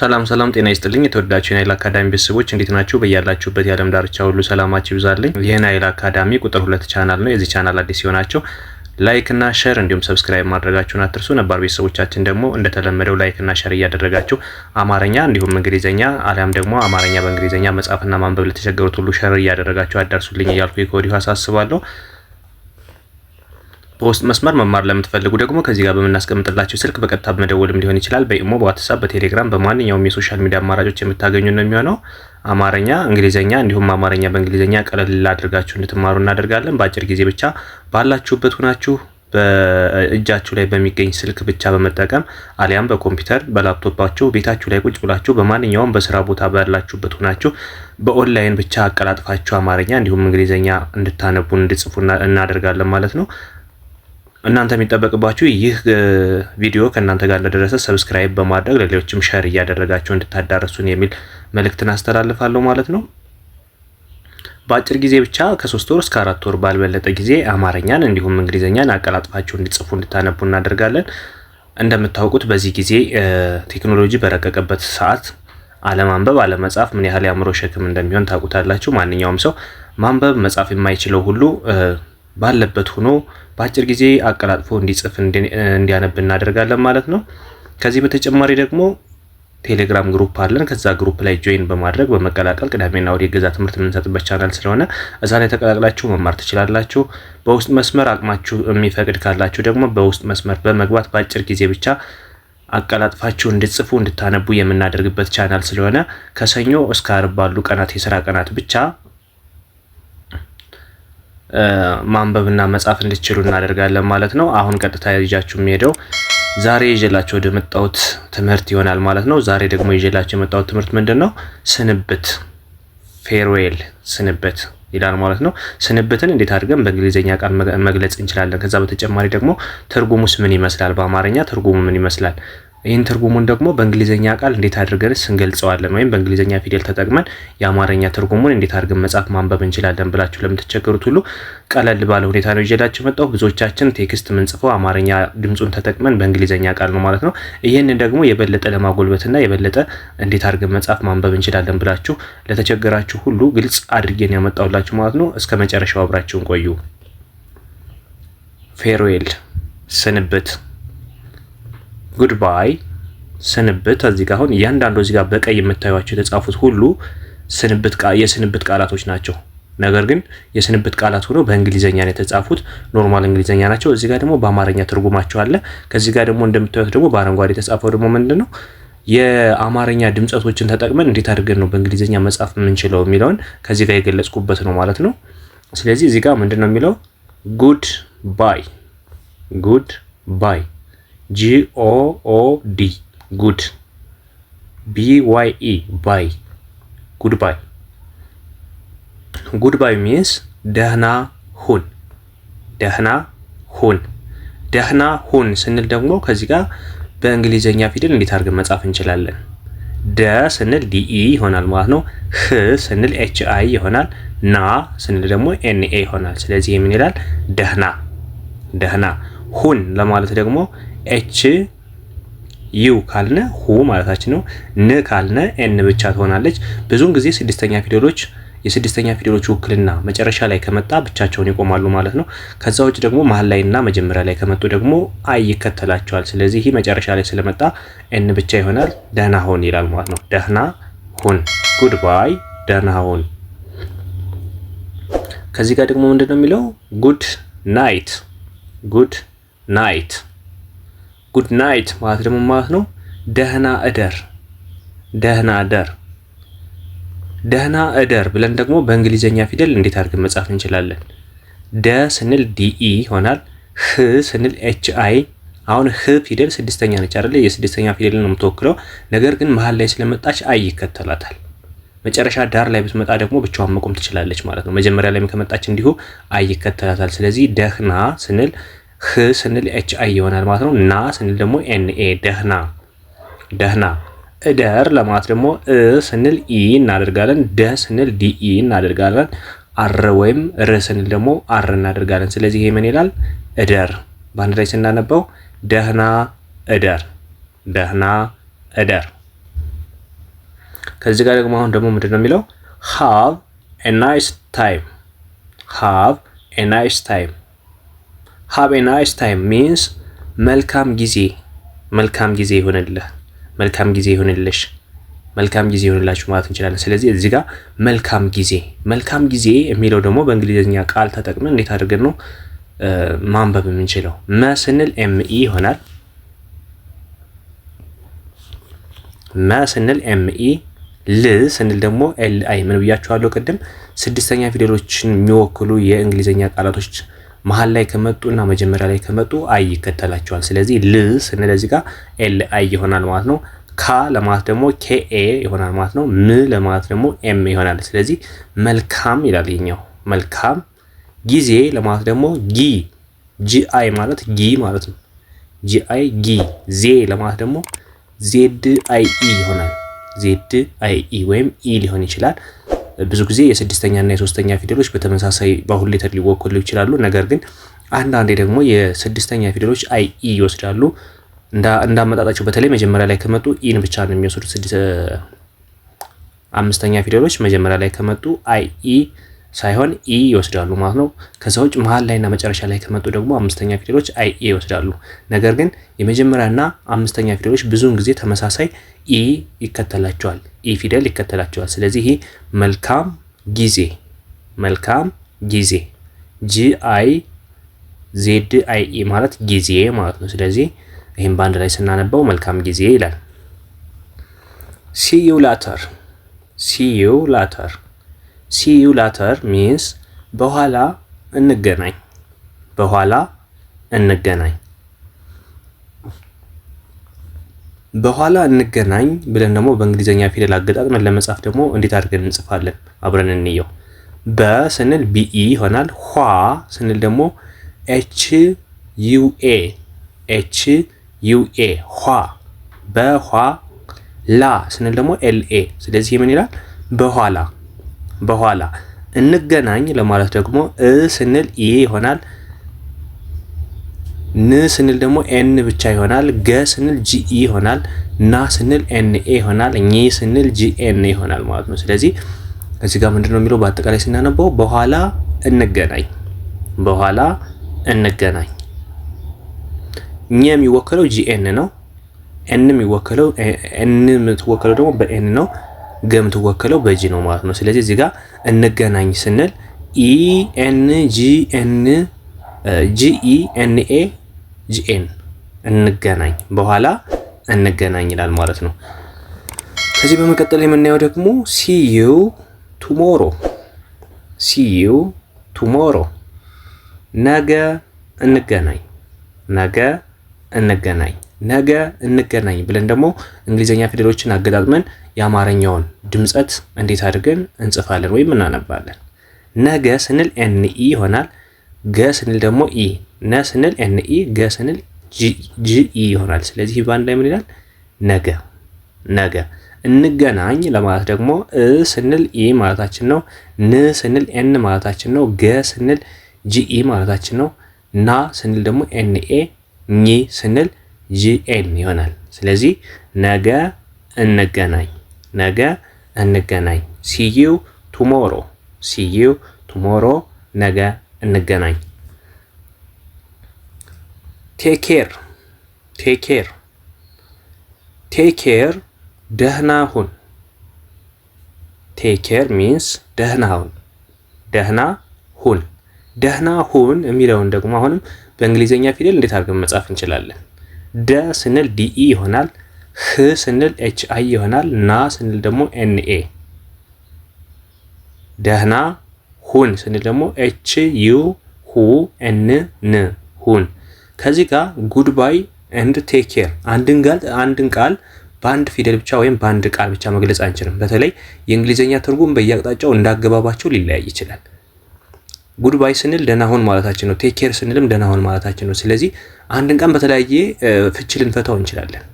ሰላም ሰላም፣ ጤና ይስጥልኝ የተወዳችሁ የናይል አካዳሚ ቤተሰቦች እንዴት ናችሁ? በያላችሁበት የዓለም ዳርቻ ሁሉ ሰላማችሁ ይብዛልኝ። ይህ ናይል አካዳሚ ቁጥር ሁለት ቻናል ነው። የዚህ ቻናል አዲስ ሲሆናቸው ላይክ እና ሸር እንዲሁም ሰብስክራይብ ማድረጋችሁን አትርሱ። ነባር ቤተሰቦቻችን ደግሞ እንደተለመደው ላይክ እና ሸር እያደረጋችሁ አማርኛ እንዲሁም እንግሊዝኛ አሊያም ደግሞ አማርኛ በእንግሊዝኛ መጻፍና ማንበብ ለተቸገሩት ሁሉ ሸር እያደረጋችሁ አዳርሱልኝ እያልኩ ከወዲሁ አሳስባለሁ። በውስጥ መስመር መማር ለምትፈልጉ ደግሞ ከዚህ ጋር በምናስቀምጥላቸው ስልክ በቀጥታ በመደወልም ሊሆን ይችላል። በኢሞ፣ በዋትሳፕ፣ በቴሌግራም በማንኛውም የሶሻል ሚዲያ አማራጮች የምታገኙ ነው የሚሆነው። አማርኛ፣ እንግሊዝኛ እንዲሁም አማርኛ በእንግሊዝኛ ቀለል ላድርጋችሁ እንድትማሩ እናደርጋለን። በአጭር ጊዜ ብቻ ባላችሁበት ሁናችሁ በእጃችሁ ላይ በሚገኝ ስልክ ብቻ በመጠቀም አሊያም በኮምፒውተር በላፕቶፓችሁ ቤታችሁ ላይ ቁጭ ብላችሁ በማንኛውም በስራ ቦታ ባላችሁበት ሆናችሁ በኦንላይን ብቻ አቀላጥፋችሁ አማርኛ እንዲሁም እንግሊዝኛ እንድታነቡ እንድጽፉ እናደርጋለን ማለት ነው። እናንተ የሚጠበቅባችሁ ይህ ቪዲዮ ከእናንተ ጋር ለደረሰ ሰብስክራይብ በማድረግ ለሌሎችም ሸር እያደረጋችሁ እንድታዳረሱን የሚል መልእክትን አስተላልፋለሁ ማለት ነው። በአጭር ጊዜ ብቻ ከሶስት ወር እስከ አራት ወር ባልበለጠ ጊዜ አማርኛን እንዲሁም እንግሊዝኛን አቀላጥፋችሁ እንዲጽፉ እንድታነቡ እናደርጋለን። እንደምታውቁት በዚህ ጊዜ ቴክኖሎጂ በረቀቀበት ሰዓት አለማንበብ አለመጻፍ ምን ያህል የአእምሮ ሸክም እንደሚሆን ታውቁታላችሁ። ማንኛውም ሰው ማንበብ መጻፍ የማይችለው ሁሉ ባለበት ሆኖ በአጭር ጊዜ አቀላጥፎ እንዲጽፍ እንዲያነብ እናደርጋለን ማለት ነው። ከዚህ በተጨማሪ ደግሞ ቴሌግራም ግሩፕ አለን። ከዛ ግሩፕ ላይ ጆይን በማድረግ በመቀላቀል ቅዳሜና ወደ የገዛ ትምህርት የምንሰጥበት ቻናል ስለሆነ እዛ ላይ ተቀላቅላችሁ መማር ትችላላችሁ። በውስጥ መስመር አቅማችሁ የሚፈቅድ ካላችሁ ደግሞ በውስጥ መስመር በመግባት በአጭር ጊዜ ብቻ አቀላጥፋችሁ እንድትጽፉ እንድታነቡ የምናደርግበት ቻናል ስለሆነ ከሰኞ እስከ አርብ ባሉ ቀናት የስራ ቀናት ብቻ ማንበብና መጻፍ እንድትችሉ እናደርጋለን ማለት ነው። አሁን ቀጥታ ይዣችሁ የሚሄደው ዛሬ ይዤላችሁ ወደ መጣሁት ትምህርት ይሆናል ማለት ነው። ዛሬ ደግሞ ይዤላችሁ የመጣሁት ትምህርት ምንድን ነው? ስንብት ፌርዌል ስንብት ይላል ማለት ነው። ስንብትን እንዴት አድርገን በእንግሊዝኛ ቃል መግለጽ እንችላለን? ከዛ በተጨማሪ ደግሞ ትርጉሙስ ምን ይመስላል? በአማርኛ ትርጉሙ ምን ይመስላል? ይህን ትርጉሙን ደግሞ በእንግሊዝኛ ቃል እንዴት አድርገን እንገልጸዋለን ወይም በእንግሊዝኛ ፊደል ተጠቅመን የአማርኛ ትርጉሙን እንዴት አድርገን መጻፍ ማንበብ እንችላለን ብላችሁ ለምትቸገሩት ሁሉ ቀለል ባለ ሁኔታ ነው ይዤላችሁ መጣሁ። ብዙዎቻችን ቴክስት ምንጽፈው አማርኛ ድምፁን ተጠቅመን በእንግሊዝኛ ቃል ነው ማለት ነው። ይህንን ደግሞ የበለጠ ለማጎልበትና የበለጠ እንዴት አድርገን መጻፍ ማንበብ እንችላለን ብላችሁ ለተቸገራችሁ ሁሉ ግልጽ አድርጌን ያመጣሁላችሁ ማለት ነው። እስከ መጨረሻው አብራችሁን ቆዩ። ፌርዌል ስንብት ጉድባይ ስንብት እዚህ ጋር አሁን እያንዳንዱ እዚህ ጋር በቀይ የምታዩቸው የተጻፉት ሁሉ ስንብት የስንብት ቃላቶች ናቸው። ነገር ግን የስንብት ቃላት ሆነው በእንግሊዝኛ ነው የተጻፉት፣ ኖርማል እንግሊዝኛ ናቸው። እዚህ ጋር ደግሞ በአማርኛ ትርጉማቸው አለ። ከዚህ ጋር ደግሞ እንደምታዩት ደግሞ በአረንጓዴ የተጻፈው ደግሞ ምንድን ነው የአማርኛ ድምጸቶችን ተጠቅመን እንዴት አድርገን ነው በእንግሊዝኛ መጻፍ የምንችለው የሚለውን ከዚህ ጋር የገለጽኩበት ነው ማለት ነው። ስለዚህ እዚህ ጋር ምንድን ነው የሚለው ጉድ ባይ ጉድ ባይ ጂኦኦዲ ጉድ ቢዋይኢ ባይ ጉድባይ ጉድባይ ሚንስ ደህና ሁን ደህና ሁን ደህና ሁን ስንል ደግሞ ከዚህ ጋር በእንግሊዘኛ ፊደል እንዴት አድርገን መጻፍ እንችላለን? ደ ስንል ዲኢ ይሆናል ማለት ነው። ህ ስንል ኤች አይ ይሆናል። ና ስንል ደግሞ ኤንኤ ይሆናል። ስለዚህ የምን ይላል? ደህና ደህና ሁን ለማለት ደግሞ ኤች ዩ ካልነ ሁ ማለታችን ነው። ን ካልነ ኤን ብቻ ትሆናለች። ብዙውን ጊዜ ስድስተኛ ፊደሎች የስድስተኛ ፊደሎች ውክልና መጨረሻ ላይ ከመጣ ብቻቸውን ይቆማሉ ማለት ነው። ከዛ ውጭ ደግሞ መሀል ላይና መጀመሪያ ላይ ከመጡ ደግሞ አይ ይከተላቸዋል። ስለዚህ ይህ መጨረሻ ላይ ስለመጣ ኤን ብቻ ይሆናል። ደህና ሆን ይላል ማለት ነው። ደህና ሁን፣ ጉድ ባይ፣ ደህና ሁን። ከዚህ ጋር ደግሞ ምንድን ነው የሚለው ጉድ ናይት ጉድ ናይት ጉድ ናይት ማለት ደግሞ ማለት ነው ደህና እደር፣ ደህና እደር፣ ደህና እደር ብለን ደግሞ በእንግሊዘኛ ፊደል እንዴት አድርገን መጻፍ እንችላለን? ደ ስንል ዲኢ ይሆናል። ህ ስንል ኤች አይ። አሁን ህ ፊደል ስድስተኛ ነች አይደለ? የስድስተኛ ፊደል ነው የምትወክለው። ነገር ግን መሀል ላይ ስለመጣች አይ ይከተላታል። መጨረሻ ዳር ላይ ብትመጣ ደግሞ ብቻዋን መቆም ትችላለች ማለት ነው። መጀመሪያ ላይም ከመጣች እንዲሁ አይ ይከተላታል። ስለዚህ ደህና ስንል ህ ስንል ኤች አይ ይሆናል ማለት ነው። ና ስንል ደግሞ ኤን ኤ ደህና ደህና። እደር ለማለት ደግሞ እ ስንል ኢ እናደርጋለን። ደ ስንል ዲኢ እናደርጋለን። አር ወይም ር ስንል ደግሞ አር እናደርጋለን። ስለዚህ ይሄ ምን ይላል? እደር። በአንድ ላይ ስናነበው ደህና እደር፣ ደህና እደር። ከዚህ ጋር ደግሞ አሁን ደግሞ ምንድን ነው የሚለው? ሃቭ ኤ ናይስ ታይም፣ ሃቭ ኤ ናይስ ታይም ሃቭ ኤ ናይስ ታይም ሚንስ መልካም ጊዜ መልካም ጊዜ ይሆንልህ፣ መልካም ጊዜ ይሆንልሽ፣ መልካም ጊዜ ይሆንላችሁ ማለት እንችላለን። ስለዚህ እዚህ ጋር መልካም ጊዜ መልካም ጊዜ የሚለው ደግሞ በእንግሊዝኛ ቃል ተጠቅመን እንዴት አድርገን ነው ማንበብ የምንችለው? መ ስንል ኤም ይሆናል። መ ስንል ኤም ል ስንል ደግሞ ኤል አይ ምን ብያችኋለሁ ቅድም ስድስተኛ ፊደሎችን የሚወክሉ የእንግሊዝኛ ቃላቶች መሀል ላይ ከመጡ እና መጀመሪያ ላይ ከመጡ አይ ይከተላቸዋል። ስለዚህ ል ስንል እዚህ ጋር ኤል አይ ይሆናል ማለት ነው። ካ ለማለት ደግሞ ኬኤ ይሆናል ማለት ነው። ም ለማለት ደግሞ ኤም ይሆናል። ስለዚህ መልካም ይላል ይኛው መልካም። ጊዜ ለማለት ደግሞ ጊ ጂአይ ማለት ጊ ማለት ነው። ጂአይ ጊ። ዜ ለማለት ደግሞ ዜድ አይ ኢ ይሆናል። ዜድ አይ ኢ ወይም ኢ ሊሆን ይችላል። ብዙ ጊዜ የስድስተኛና የሶስተኛ ፊደሎች በተመሳሳይ በአሁን ሌተር ሊወከሉ ይችላሉ። ነገር ግን አንዳንዴ ደግሞ የስድስተኛ ፊደሎች አይ ኢ ይወስዳሉ። እንዳመጣጣቸው በተለይ መጀመሪያ ላይ ከመጡ ኢን ብቻ ነው የሚወስዱት። አምስተኛ ፊደሎች መጀመሪያ ላይ ከመጡ አይ ኢ ሳይሆን ኢ ይወስዳሉ ማለት ነው። ከሰዎች መሃል መሀል ላይና መጨረሻ ላይ ከመጡ ደግሞ አምስተኛ ፊደሎች አይ ኤ ይወስዳሉ። ነገር ግን የመጀመሪያና አምስተኛ ፊደሎች ብዙውን ጊዜ ተመሳሳይ ኢ ይከተላቸዋል፣ ኢ ፊደል ይከተላቸዋል። ስለዚህ ይሄ መልካም ጊዜ መልካም ጊዜ ጂ አይ ዜድ አይ ኢ ማለት ጊዜ ማለት ነው። ስለዚህ ይህም በአንድ ላይ ስናነበው መልካም ጊዜ ይላል። ሲዩ ላተር ሲዩ ላተር ሲዩ ላተር ሚንስ በኋላ እንገናኝ፣ በኋላ እንገናኝ። በኋላ እንገናኝ ብለን ደግሞ በእንግሊዝኛ ፊደል አገጣጥመን ለመጻፍ ደግሞ እንዴት አድርገን እንጽፋለን? አብረን እንየው። በ ስንል ቢኢ ይሆናል። ኋ ስንል ደግሞ ኤች ዩኤ ኤች ዩኤ ኋ። በኋ ላ ስንል ደግሞ ኤልኤ። ስለዚህ ምን ይላል? በኋላ በኋላ እንገናኝ ለማለት ደግሞ እ ስንል ኢ ይሆናል። ን ስንል ደግሞ ኤን ብቻ ይሆናል። ገ ስንል ጂኢ ይሆናል። ና ስንል ኤን ኤ ይሆናል። ኝ ስንል ጂኤን ይሆናል ማለት ነው። ስለዚህ እዚህ ጋር ምንድን ነው የሚለው በአጠቃላይ ስናነበው በኋላ እንገናኝ፣ በኋላ እንገናኝ። እኛ የሚወከለው ጂኤን ነው። ኤን የሚወከለው ኤን የምትወከለው ደግሞ በኤን ነው። ገምትወክለው በጂ ነው ማለት ነው። ስለዚህ እዚህ ጋር እንገናኝ ስንል ኢኤንጂኤን ጂኢኤንኤ ጂኤን እንገናኝ በኋላ እንገናኝ ይላል ማለት ነው። ከዚህ በመቀጠል የምናየው ደግሞ ሲዩ ቱሞሮ ሲዩ ቱሞሮ ነገ እንገናኝ ነገ እንገናኝ ነገ እንገናኝ ብለን ደግሞ እንግሊዝኛ ፊደሎችን አገጣጥመን የአማርኛውን ድምፀት እንዴት አድርገን እንጽፋለን ወይም እናነባለን። ነገ ስንል ኤን ኢ ይሆናል። ገ ስንል ደግሞ ኢ፣ ነ ስንል ኤን ገ ስንል ጂ ይሆናል። ስለዚህ በአንድ ላይ ምን ይላል? ነገ ነገ እንገናኝ ለማለት ደግሞ እ ስንል ኢ ማለታችን ነው። ን ስንል ኤን ማለታችን ነው። ገ ስንል ጂኢ ማለታችን ነው። ና ስንል ደግሞ ኤንኤ ኚ ስንል ጂኤም ይሆናል። ስለዚህ ነገ እንገናኝ፣ ነገ እንገናኝ። ሲዩ ቱሞሮ፣ ሲዩ ቱሞሮ፣ ነገ እንገናኝ። ቴኬር፣ ቴኬር፣ ቴኬር፣ ደህና ሁን። ቴኬር ሚንስ ደህና ሁን፣ ደህና ሁን። ደህና ሁን የሚለውን ደግሞ አሁንም በእንግሊዝኛ ፊደል እንዴት አድርገን መጻፍ እንችላለን? ደ ስንል ዲኢ ይሆናል። ህ ስንል ኤች አይ ይሆናል። ና ስንል ደግሞ ኤንኤ። ደህና ሁን ስንል ደግሞ ኤች ዩ ሁ ኤን ን ሁን። ከዚህ ጋር ጉድ ባይ ቴኬር አንድን ቃል በአንድ ፊደል ብቻ ወይም በአንድ ቃል ብቻ መግለጽ አንችልም። በተለይ የእንግሊዝኛ ትርጉም በየአቅጣጫው እንዳገባባቸው ሊለያይ ይችላል። ጉድ ባይ ስንል ደናሁን ማለታችን ነው። ቴክ ኬር ስንልም ደናሁን ማለታችን ነው። ስለዚህ አንድን ቀን በተለያየ ፍች ልንፈታው እንችላለን።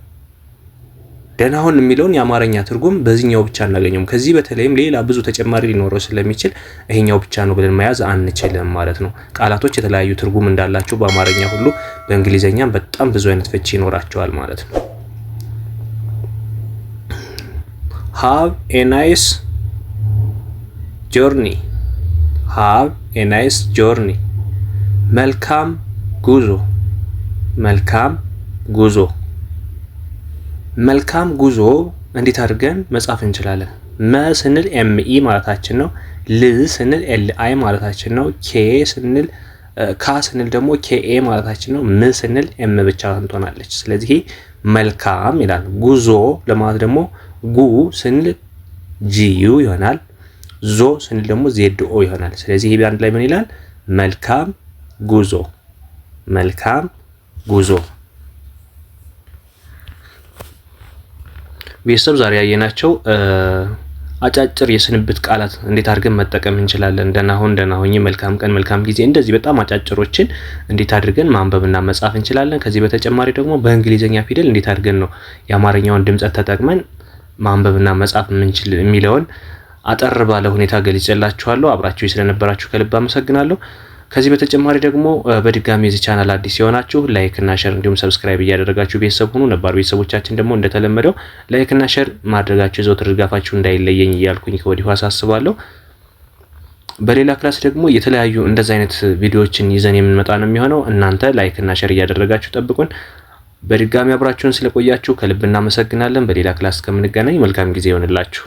ደናሁን የሚለውን የአማርኛ ትርጉም በዚህኛው ብቻ አናገኘውም። ከዚህ በተለይም ሌላ ብዙ ተጨማሪ ሊኖረው ስለሚችል ይሄኛው ብቻ ነው ብለን መያዝ አንችልም ማለት ነው። ቃላቶች የተለያዩ ትርጉም እንዳላቸው በአማርኛ ሁሉ በእንግሊዝኛም በጣም ብዙ አይነት ፍች ይኖራቸዋል ማለት ነው። ሃቭ ኤ ናይስ ጆርኒ ሃቭ a nice journey መልካም ጉዞ መልካም ጉዞ መልካም ጉዞ እንዴት አድርገን መጻፍ እንችላለን? መ ስንል ኤምኢ ማለታችን ነው። ል ስንል ኤል አይ ማለታችን ነው። ኬ ስንል ካ ስንል ደግሞ ኬኤ ማለታችን ነው። ም ስንል ኤም ብቻ ትሆናለች። ስለዚህ መልካም ይላል። ጉዞ ለማለት ደግሞ ጉ ስንል ጂዩ ይሆናል። ዞ ስንል ደግሞ ዜድ ኦ ይሆናል። ስለዚህ ይሄ ቢያንድ ላይ ምን ይላል? መልካም ጉዞ፣ መልካም ጉዞ። ቤተሰብ ዛሬ ያየናቸው አጫጭር የስንብት ቃላት እንዴት አድርገን መጠቀም እንችላለን። ደህናሁን፣ ደህናሁኝ፣ መልካም ቀን፣ መልካም ጊዜ፣ እንደዚህ በጣም አጫጭሮችን እንዴት አድርገን ማንበብና መጻፍ እንችላለን። ከዚህ በተጨማሪ ደግሞ በእንግሊዝኛ ፊደል እንዴት አድርገን ነው የአማርኛውን ድምጸት ተጠቅመን ማንበብና መጻፍ የምንችል የሚለውን አጠር ባለ ሁኔታ ገልጬላችኋለሁ። አብራችሁ ስለነበራችሁ ከልብ አመሰግናለሁ። ከዚህ በተጨማሪ ደግሞ በድጋሚ የዚህ ቻናል አዲስ የሆናችሁ ላይክ እና ሸር እንዲሁም ሰብስክራይብ እያደረጋችሁ ቤተሰብ ሁኑ። ነባር ቤተሰቦቻችን ደግሞ እንደተለመደው ላይክ እና ሸር ማድረጋችሁ የዘውትር ድጋፋችሁ እንዳይለየኝ እያልኩኝ ከወዲሁ አሳስባለሁ። በሌላ ክላስ ደግሞ የተለያዩ እንደዚ አይነት ቪዲዮዎችን ይዘን የምንመጣ ነው የሚሆነው። እናንተ ላይክ እና ሸር እያደረጋችሁ ጠብቁን። በድጋሚ አብራችሁን ስለቆያችሁ ከልብ እናመሰግናለን። በሌላ ክላስ እስከምንገናኝ መልካም ጊዜ ይሆንላችሁ።